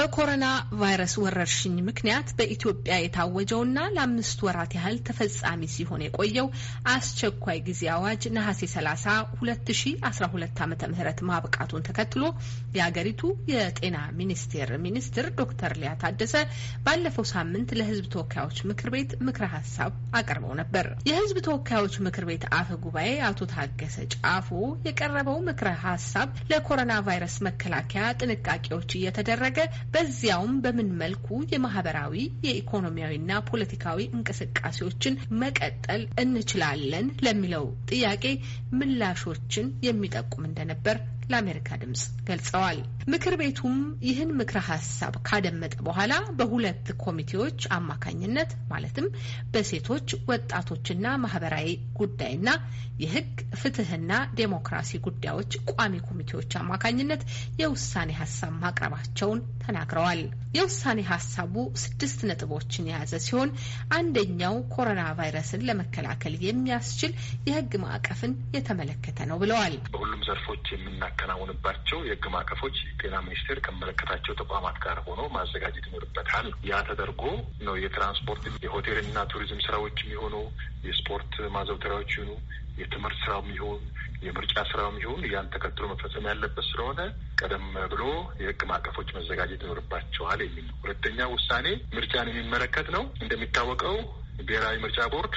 በኮሮና ቫይረስ ወረርሽኝ ምክንያት በኢትዮጵያ የታወጀውና ለአምስት ወራት ያህል ተፈጻሚ ሲሆን የቆየው አስቸኳይ ጊዜ አዋጅ ነሐሴ 30 2012 ዓ ም ማብቃቱን ተከትሎ የአገሪቱ የጤና ሚኒስቴር ሚኒስትር ዶክተር ሊያ ታደሰ ባለፈው ሳምንት ለሕዝብ ተወካዮች ምክር ቤት ምክረ ሀሳብ አቅርበው ነበር። የሕዝብ ተወካዮች ምክር ቤት አፈ ጉባኤ አቶ ታገሰ ጫፎ የቀረበው ምክረ ሀሳብ ለኮሮና ቫይረስ መከላከያ ጥንቃቄዎች እየተደረገ በዚያውም በምን መልኩ የማህበራዊ የኢኮኖሚያዊና ፖለቲካዊ እንቅስቃሴዎችን መቀጠል እንችላለን ለሚለው ጥያቄ ምላሾችን የሚጠቁም እንደነበር ለአሜሪካ ድምጽ ገልጸዋል። ምክር ቤቱም ይህን ምክረ ሀሳብ ካደመጠ በኋላ በሁለት ኮሚቴዎች አማካኝነት ማለትም በሴቶች ወጣቶችና ማህበራዊ ጉዳይና የህግ ፍትህና ዴሞክራሲ ጉዳዮች ቋሚ ኮሚቴዎች አማካኝነት የውሳኔ ሀሳብ ማቅረባቸውን ተናግረዋል። የውሳኔ ሀሳቡ ስድስት ነጥቦችን የያዘ ሲሆን አንደኛው ኮሮና ቫይረስን ለመከላከል የሚያስችል የህግ ማዕቀፍን የተመለከተ ነው ብለዋል። በሁሉም ዘርፎች የምናከናውንባቸው የህግ ማዕቀፎች ጤና ሚኒስቴር ከመለከታቸው ተቋማት ጋር ሆኖ ማዘጋጀት ይኖርበታል። ያ ተደርጎ ነው የትራንስፖርት የሆቴልና ቱሪዝም ስራዎች የሚሆኑ የስፖርት ማዘውተሪያዎች ይሁኑ የትምህርት ስራው የሚሆን የምርጫ ስራው የሚሆን ያን ተከትሎ መፈጸም ያለበት ስለሆነ ቀደም ብሎ የህግ ማዕቀፎች መዘጋጀት ይኖርባቸዋል የሚል ነው። ሁለተኛ ውሳኔ ምርጫን የሚመለከት ነው። እንደሚታወቀው ብሔራዊ ምርጫ ቦርድ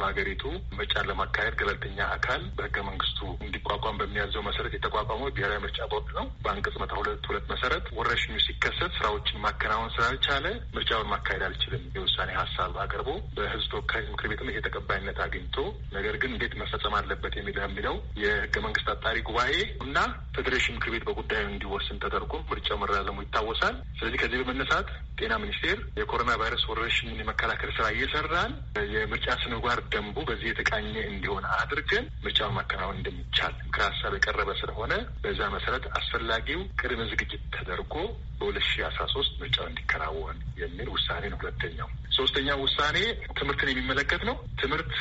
በሀገሪቱ ምርጫ ለማካሄድ ገለልተኛ አካል በህገ መንግስቱ እንዲቋቋም በሚያዘው መሰረት የተቋቋመው ብሔራዊ ምርጫ ቦርድ ነው። በአንቀጽ መታ ሁለት ሁለት መሰረት ወረሽኙ ሲከሰት ስራዎችን ማከናወን ስላልቻለ ምርጫውን ማካሄድ አልችልም የውሳኔ ሀሳብ አቅርቦ በህዝብ ተወካዮች ምክር ቤትም ይሄ ተቀባይነት አግኝቶ ነገር ግን እንዴት መፈጸም አለበት የሚል የሚለው የህገ መንግስት አጣሪ ጉባኤ እና ፌዴሬሽን ምክር ቤት በጉዳዩ እንዲወስን ተደርጎ ምርጫው መራዘሙ ይታወሳል። ስለዚህ ከዚህ በመነሳት ጤና ሚኒስቴር የኮሮና ቫይረስ ወረርሽኝን የመከላከል ስራ እየሰራን የምርጫ ስነጓር ደንቡ በዚህ የተቃኘ እንዲሆን አድርገን ምርጫውን ማከናወን እንደሚቻል ምክረ ሀሳብ የቀረበ ስለሆነ በዛ መሰረት አስፈላጊው ቅድመ ዝግጅት ተደርጎ በሁለት ሺ አስራ ሶስት ምርጫው እንዲከናወን የሚል ውሳኔ ነው። ሁለተኛው ሶስተኛው ውሳኔ ትምህርትን የሚመለከት ነው። ትምህርት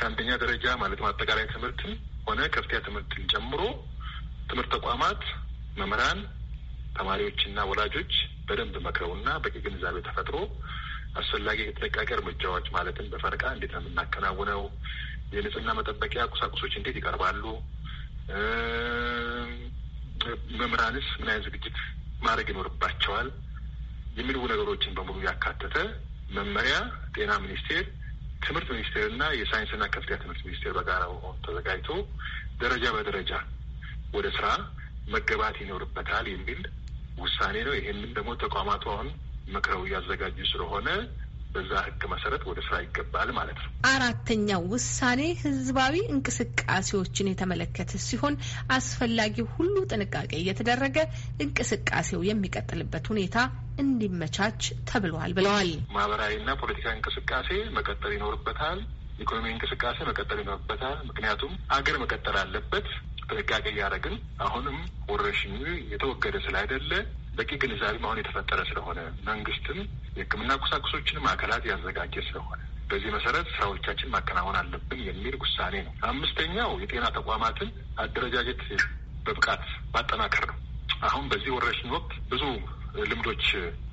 ከአንደኛ ደረጃ ማለት አጠቃላይ ትምህርትን ሆነ ከፍተኛ ትምህርትን ጨምሮ ትምህርት ተቋማት መምህራን፣ ተማሪዎችና ወላጆች በደንብ መክረውና በቂ ግንዛቤ ተፈጥሮ አስፈላጊ የጥንቃቄ እርምጃዎች ማለትም በፈርቃ እንዴት ነው የምናከናውነው፣ የንጽህና መጠበቂያ ቁሳቁሶች እንዴት ይቀርባሉ፣ መምህራንስ ምን አይነት ዝግጅት ማድረግ ይኖርባቸዋል የሚሉ ነገሮችን በሙሉ ያካተተ መመሪያ ጤና ሚኒስቴር፣ ትምህርት ሚኒስቴርና የሳይንስና ከፍተኛ ትምህርት ሚኒስቴር በጋራ በመሆኑ ተዘጋጅቶ ደረጃ በደረጃ ወደ ስራ መገባት ይኖርበታል የሚል ውሳኔ ነው። ይህንን ደግሞ ተቋማቱ አሁን መክረው እያዘጋጁ ስለሆነ በዛ ህግ መሰረት ወደ ስራ ይገባል ማለት ነው። አራተኛው ውሳኔ ህዝባዊ እንቅስቃሴዎችን የተመለከተ ሲሆን አስፈላጊ ሁሉ ጥንቃቄ እየተደረገ እንቅስቃሴው የሚቀጥልበት ሁኔታ እንዲመቻች ተብሏል ብለዋል። ማህበራዊና ፖለቲካዊ እንቅስቃሴ መቀጠል ይኖርበታል። ኢኮኖሚ እንቅስቃሴ መቀጠል ይኖርበታል። ምክንያቱም አገር መቀጠል አለበት። ጥንቃቄ እያደረግን አሁንም ወረርሽኙ የተወገደ ስላይደለ በቂ ግንዛቤ አሁን የተፈጠረ ስለሆነ መንግስትም የህክምና ቁሳቁሶችን ማዕከላት ያዘጋጀ ስለሆነ በዚህ መሰረት ስራዎቻችን ማከናወን አለብን የሚል ውሳኔ ነው። አምስተኛው የጤና ተቋማትን አደረጃጀት በብቃት ማጠናከር ነው። አሁን በዚህ ወረርሽኝ ወቅት ብዙ ልምዶች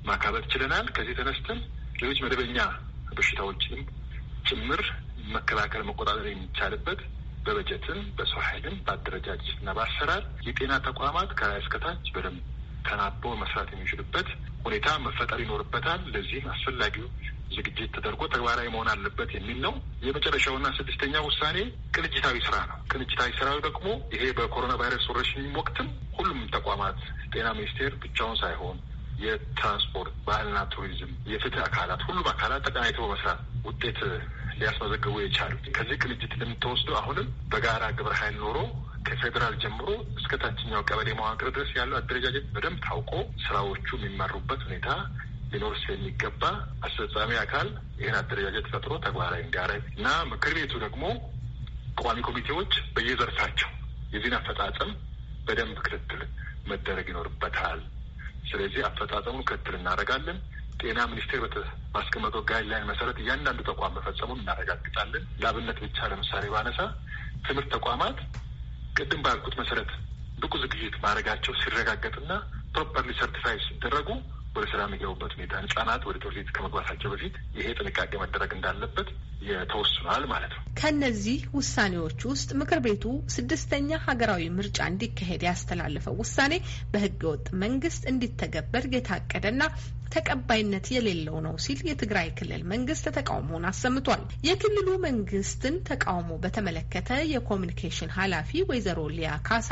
ማካበት ችለናል። ከዚህ ተነስተን ሌሎች መደበኛ በሽታዎችንም ጭምር መከላከል፣ መቆጣጠር የሚቻልበት በበጀትም፣ በሰው ኃይልም፣ በአደረጃጀት እና በአሰራር የጤና ተቋማት ከላይ እስከታች በደንብ ተናቦ መስራት የሚችልበት ሁኔታ መፈጠር ይኖርበታል። ለዚህም አስፈላጊው ዝግጅት ተደርጎ ተግባራዊ መሆን አለበት የሚል ነው። የመጨረሻውና ስድስተኛ ውሳኔ ቅንጅታዊ ስራ ነው። ቅንጅታዊ ስራ ደግሞ ይሄ በኮሮና ቫይረስ ወረርሽኝ ወቅትም ሁሉም ተቋማት ጤና ሚኒስቴር ብቻውን ሳይሆን የትራንስፖርት፣ ባህልና ቱሪዝም፣ የፍትህ አካላት ሁሉም አካላት ተቀናይተው በመስራት ውጤት ሊያስመዘግቡ የቻሉ ከዚህ ቅንጅት እንደምትወስዱ አሁንም በጋራ ግብረ ኃይል ኖሮ ከፌዴራል ጀምሮ እስከ ታችኛው ቀበሌ መዋቅር ድረስ ያለው አደረጃጀት በደንብ ታውቆ ስራዎቹ የሚመሩበት ሁኔታ ሊኖር ስለሚገባ አስፈጻሚ አካል ይህን አደረጃጀት ፈጥሮ ተግባራዊ እንዲያረግ እና ምክር ቤቱ ደግሞ ቋሚ ኮሚቴዎች በየዘርፋቸው የዚህን አፈጻጸም በደንብ ክትትል መደረግ ይኖርበታል። ስለዚህ አፈጻጸሙን ክትትል እናደርጋለን። ጤና ሚኒስቴር በማስቀመጠው ጋይድላይን መሰረት እያንዳንዱ ተቋም መፈጸሙን እናረጋግጣለን። ለአብነት ብቻ ለምሳሌ ባነሳ ትምህርት ተቋማት ቅድም ባልኩት መሰረት ብቁ ዝግጅት ማድረጋቸው ሲረጋገጥና ፕሮፐርሊ ሰርቲፋይ ሲደረጉ ወደ ስራ የሚገቡበት ሁኔታ ህጻናት ወደ ትምህርት ቤት ከመግባታቸው በፊት ይሄ ጥንቃቄ መደረግ እንዳለበት ተወስኗል ማለት ነው። ከእነዚህ ውሳኔዎች ውስጥ ምክር ቤቱ ስድስተኛ ሀገራዊ ምርጫ እንዲካሄድ ያስተላለፈው ውሳኔ በህገ ወጥ መንግስት እንዲተገበር የታቀደና ተቀባይነት የሌለው ነው ሲል የትግራይ ክልል መንግስት ተቃውሞውን አሰምቷል። የክልሉ መንግስትን ተቃውሞ በተመለከተ የኮሚኒኬሽን ኃላፊ ወይዘሮ ሊያ ካሳ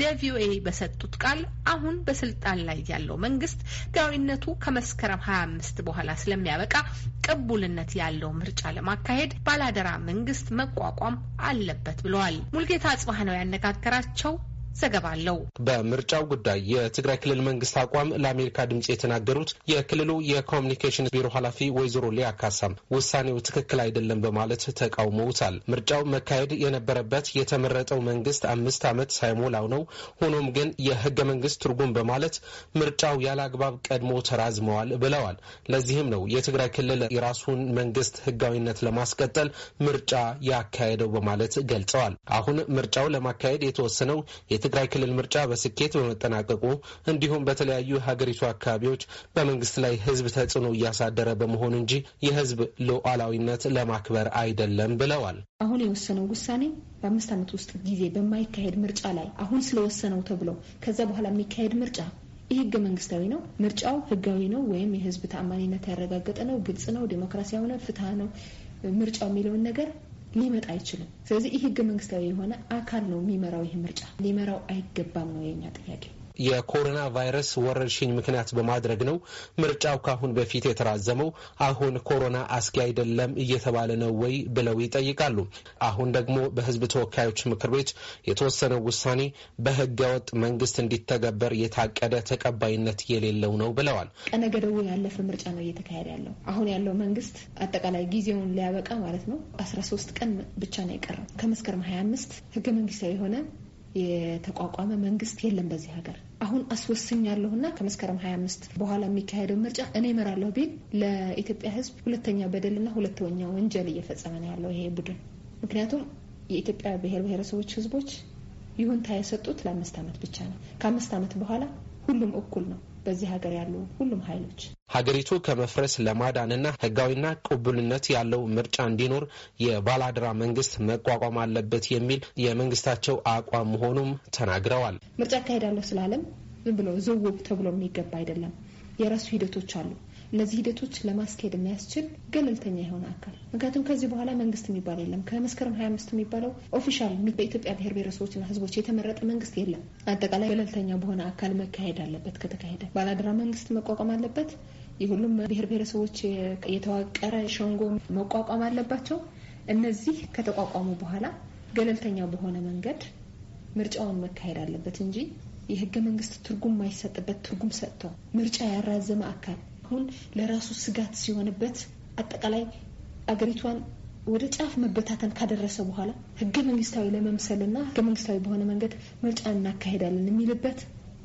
ለቪኦኤ በሰጡት ቃል አሁን በስልጣን ላይ ያለው መንግስት ጋዊነቱ ከመስከረም 25 በኋላ ስለሚያበቃ ቅቡልነት ያለው ምርጫ ለማካሄድ ባላደራ መንግስት መቋቋም አለበት ብለዋል። ሙልጌታ አጽባህ ነው ያነጋገራቸው። ዘገባ አለው። በምርጫው ጉዳይ የትግራይ ክልል መንግስት አቋም ለአሜሪካ ድምጽ የተናገሩት የክልሉ የኮሚኒኬሽን ቢሮ ኃላፊ ወይዘሮ ሊያ ካሳም ውሳኔው ትክክል አይደለም በማለት ተቃውመውታል። ምርጫው መካሄድ የነበረበት የተመረጠው መንግስት አምስት ዓመት ሳይሞላው ነው። ሆኖም ግን የህገ መንግስት ትርጉም በማለት ምርጫው ያለ አግባብ ቀድሞ ተራዝመዋል ብለዋል። ለዚህም ነው የትግራይ ክልል የራሱን መንግስት ህጋዊነት ለማስቀጠል ምርጫ ያካሄደው በማለት ገልጸዋል። አሁን ምርጫው ለማካሄድ የተወሰነው የትግራይ ክልል ምርጫ በስኬት በመጠናቀቁ እንዲሁም በተለያዩ የሀገሪቱ አካባቢዎች በመንግስት ላይ ህዝብ ተጽዕኖ እያሳደረ በመሆኑ እንጂ የህዝብ ሉዓላዊነት ለማክበር አይደለም ብለዋል። አሁን የወሰነው ውሳኔ በአምስት ዓመት ውስጥ ጊዜ በማይካሄድ ምርጫ ላይ አሁን ስለወሰነው ተብሎ ከዛ በኋላ የሚካሄድ ምርጫ ይህ ህገ መንግስታዊ ነው። ምርጫው ህጋዊ ነው ወይም የህዝብ ተአማኒነት ያረጋገጠ ነው፣ ግልጽ ነው፣ ዴሞክራሲያዊ ነው፣ ፍትሀ ነው ምርጫው የሚለውን ነገር ሊመጣ አይችልም። ስለዚህ ይህ ህገ መንግስታዊ የሆነ አካል ነው የሚመራው ይህ ምርጫ ሊመራው አይገባም ነው የኛ ጥያቄ። የኮሮና ቫይረስ ወረርሽኝ ምክንያት በማድረግ ነው ምርጫው ካሁን በፊት የተራዘመው። አሁን ኮሮና አስጊ አይደለም እየተባለ ነው ወይ ብለው ይጠይቃሉ። አሁን ደግሞ በህዝብ ተወካዮች ምክር ቤት የተወሰነው ውሳኔ በህገወጥ መንግስት እንዲተገበር የታቀደ ተቀባይነት የሌለው ነው ብለዋል። ቀነ ገደቡ ያለፈ ምርጫ ነው እየተካሄደ ያለው። አሁን ያለው መንግስት አጠቃላይ ጊዜውን ሊያበቃ ማለት ነው 13 ቀን ብቻ ነው የቀረው። ከመስከረም አምስት ህገ መንግስታዊ የሆነ የተቋቋመ መንግስት የለም በዚህ ሀገር። አሁን አስወስኛለሁ እና ከመስከረም 25 በኋላ የሚካሄደው ምርጫ እኔ እመራለሁ ቢል ለኢትዮጵያ ሕዝብ ሁለተኛ በደልና ሁለተኛ ወንጀል እየፈጸመ ነው ያለው ይሄ ቡድን። ምክንያቱም የኢትዮጵያ ብሔር ብሔረሰቦች ሕዝቦች ይሁንታ የሰጡት ለአምስት ዓመት ብቻ ነው። ከአምስት ዓመት በኋላ ሁሉም እኩል ነው። በዚህ ሀገር ያሉ ሁሉም ኃይሎች ሀገሪቱ ከመፍረስ ለማዳንና ህጋዊና ቅቡልነት ያለው ምርጫ እንዲኖር የባላድራ መንግስት መቋቋም አለበት የሚል የመንግስታቸው አቋም መሆኑም ተናግረዋል። ምርጫ አካሄዳለሁ ስላለም ዝም ብሎ ዝውብ ተብሎ የሚገባ አይደለም። የራሱ ሂደቶች አሉ። እነዚህ ሂደቶች ለማስኬድ የሚያስችል ገለልተኛ የሆነ አካል ምክንያቱም ከዚህ በኋላ መንግስት የሚባል የለም። ከመስከረም ሀያ አምስት የሚባለው ኦፊሻል በኢትዮጵያ ብሔር ብሔረሰቦችና ህዝቦች የተመረጠ መንግስት የለም። አጠቃላይ ገለልተኛ በሆነ አካል መካሄድ አለበት። ከተካሄደ ባላደራ መንግስት መቋቋም አለበት። የሁሉም ብሔር ብሔረሰቦች የተዋቀረ ሸንጎ መቋቋም አለባቸው። እነዚህ ከተቋቋሙ በኋላ ገለልተኛ በሆነ መንገድ ምርጫውን መካሄድ አለበት እንጂ የህገ መንግስት ትርጉም ማይሰጥበት ትርጉም ሰጥተው ምርጫ ያራዘመ አካል አሁን ለራሱ ስጋት ሲሆንበት አጠቃላይ አገሪቷን ወደ ጫፍ መበታተን ካደረሰ በኋላ ህገ መንግስታዊ ለመምሰልና ህገ መንግስታዊ በሆነ መንገድ ምርጫ እናካሄዳለን የሚልበት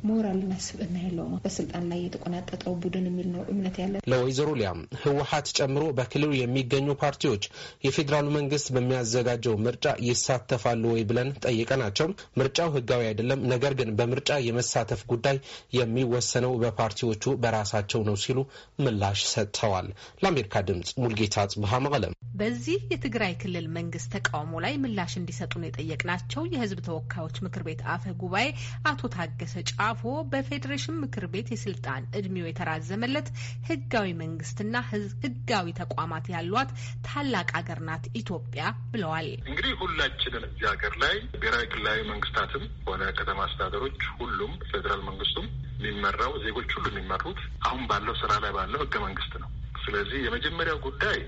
ሞራልና ስብዕና የለውም። በስልጣን ላይ የተቆናጠጠው ቡድን የሚል ነው እምነት ያለ ለወይዘሮ ሊያም ህወሀት ጨምሮ በክልሉ የሚገኙ ፓርቲዎች የፌዴራሉ መንግስት በሚያዘጋጀው ምርጫ ይሳተፋሉ ወይ ብለን ጠይቀናቸው ምርጫው ህጋዊ አይደለም፣ ነገር ግን በምርጫ የመሳተፍ ጉዳይ የሚወሰነው በፓርቲዎቹ በራሳቸው ነው ሲሉ ምላሽ ሰጥተዋል። ለአሜሪካ ድምጽ ሙልጌታ ጽብሃ መቀለም። በዚህ የትግራይ ክልል መንግስት ተቃውሞ ላይ ምላሽ እንዲሰጡን የጠየቅናቸው የህዝብ ተወካዮች ምክር ቤት አፈ ጉባኤ አቶ ታገሰ ጫ ተጻፎ በፌዴሬሽን ምክር ቤት የስልጣን እድሜው የተራዘመለት ህጋዊ መንግስትና ህጋዊ ተቋማት ያሏት ታላቅ ሀገር ናት ኢትዮጵያ ብለዋል። እንግዲህ ሁላችንም እዚህ ሀገር ላይ ብሔራዊ ክልላዊ መንግስታትም ሆነ ከተማ አስተዳደሮች፣ ሁሉም ፌዴራል መንግስቱም የሚመራው ዜጎች ሁሉ የሚመሩት አሁን ባለው ስራ ላይ ባለው ህገ መንግስት ነው። ስለዚህ የመጀመሪያው ጉዳይ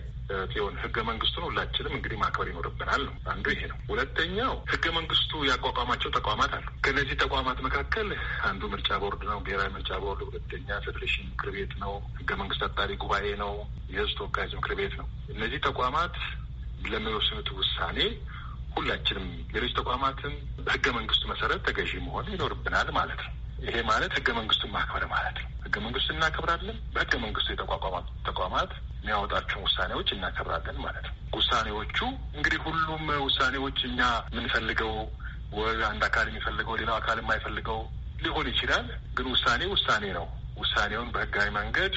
ሲሆን ህገ መንግስቱን ሁላችንም እንግዲህ ማክበር ይኖርብናል ነው አንዱ ይሄ ነው። ሁለተኛው ህገ መንግስቱ ያቋቋማቸው ተቋማት አሉ። ከእነዚህ ተቋማት መካከል አንዱ ምርጫ ቦርድ ነው፣ ብሔራዊ ምርጫ ቦርድ፣ ሁለተኛ ፌዴሬሽን ምክር ቤት ነው፣ ህገ መንግስት አጣሪ ጉባኤ ነው፣ የህዝብ ተወካዮች ምክር ቤት ነው። እነዚህ ተቋማት ለሚወስኑት ውሳኔ ሁላችንም ሌሎች ተቋማትን በህገ መንግስቱ መሰረት ተገዢ መሆን ይኖርብናል ማለት ነው። ይሄ ማለት ህገ መንግስቱን ማክበር ማለት ነው። ህገ መንግስቱን እናከብራለን። በህገ መንግስቱ የተቋቋማ ተቋማት የሚያወጣቸውን ውሳኔዎች እናከብራለን ማለት ነው። ውሳኔዎቹ እንግዲህ ሁሉም ውሳኔዎች እኛ የምንፈልገው ወይ አንድ አካል የሚፈልገው ሌላው አካል የማይፈልገው ሊሆን ይችላል። ግን ውሳኔ ውሳኔ ነው። ውሳኔውን በህጋዊ መንገድ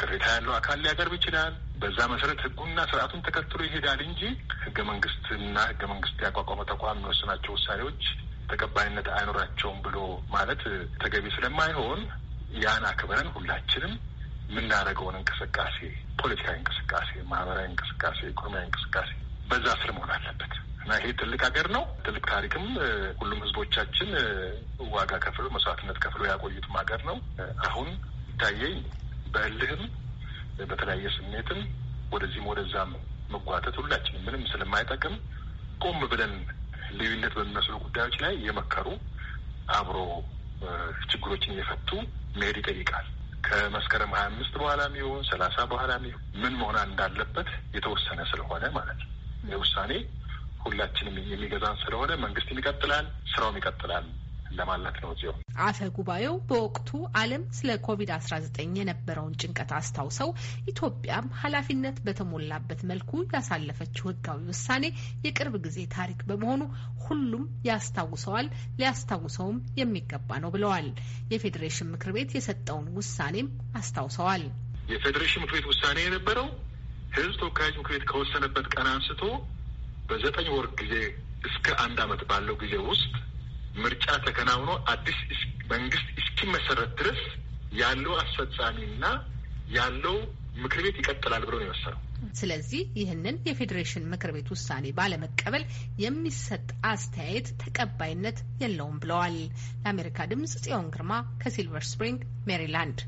ቅሬታ ያለው አካል ሊያቀርብ ይችላል። በዛ መሰረት ህጉና ስርዓቱን ተከትሎ ይሄዳል እንጂ ህገ መንግስትና ህገ መንግስት ያቋቋመ ተቋም የሚወስናቸው ውሳኔዎች ተቀባይነት አይኖራቸውም ብሎ ማለት ተገቢ ስለማይሆን ያን አክብረን ሁላችንም የምናደርገውን እንቅስቃሴ ፖለቲካዊ እንቅስቃሴ፣ ማህበራዊ እንቅስቃሴ፣ ኢኮኖሚያዊ እንቅስቃሴ በዛ ስር መሆን አለበት እና ይሄ ትልቅ ሀገር ነው። ትልቅ ታሪክም ሁሉም ህዝቦቻችን ዋጋ ከፍሎ መስዋዕትነት ከፍሎ ያቆዩትም ሀገር ነው። አሁን ይታየኝ በእልህም በተለያየ ስሜትም ወደዚህም ወደዛም መጓተት ሁላችን ምንም ስለማይጠቅም ቆም ብለን ልዩነት በሚመስሉ ጉዳዮች ላይ የመከሩ አብሮ ችግሮችን እየፈቱ መሄድ ይጠይቃል። ከመስከረም ሀያ አምስት በኋላም ይሁን ሰላሳ በኋላም ይሁን ምን መሆን እንዳለበት የተወሰነ ስለሆነ ማለት ነው። ውሳኔ ሁላችንም የሚገዛን ስለሆነ መንግስትም ይቀጥላል፣ ስራውም ይቀጥላል ለማለት ነው። እዚሁ አፈ ጉባኤው በወቅቱ ዓለም ስለ ኮቪድ አስራ ዘጠኝ የነበረውን ጭንቀት አስታውሰው ኢትዮጵያም ኃላፊነት በተሞላበት መልኩ ያሳለፈችው ህጋዊ ውሳኔ የቅርብ ጊዜ ታሪክ በመሆኑ ሁሉም ያስታውሰዋል፣ ሊያስታውሰውም የሚገባ ነው ብለዋል። የፌዴሬሽን ምክር ቤት የሰጠውን ውሳኔም አስታውሰዋል። የፌዴሬሽን ምክር ቤት ውሳኔ የነበረው ህዝብ ተወካዮች ምክር ቤት ከወሰነበት ቀን አንስቶ በዘጠኝ ወር ጊዜ እስከ አንድ ዓመት ባለው ጊዜ ውስጥ ምርጫ ተከናውኖ አዲስ መንግስት እስኪመሰረት ድረስ ያለው አስፈጻሚና ያለው ምክር ቤት ይቀጥላል ብሎ ነው የወሰነው። ስለዚህ ይህንን የፌዴሬሽን ምክር ቤት ውሳኔ ባለመቀበል የሚሰጥ አስተያየት ተቀባይነት የለውም ብለዋል። ለአሜሪካ ድምጽ ጽዮን ግርማ ከሲልቨር ስፕሪንግ ሜሪላንድ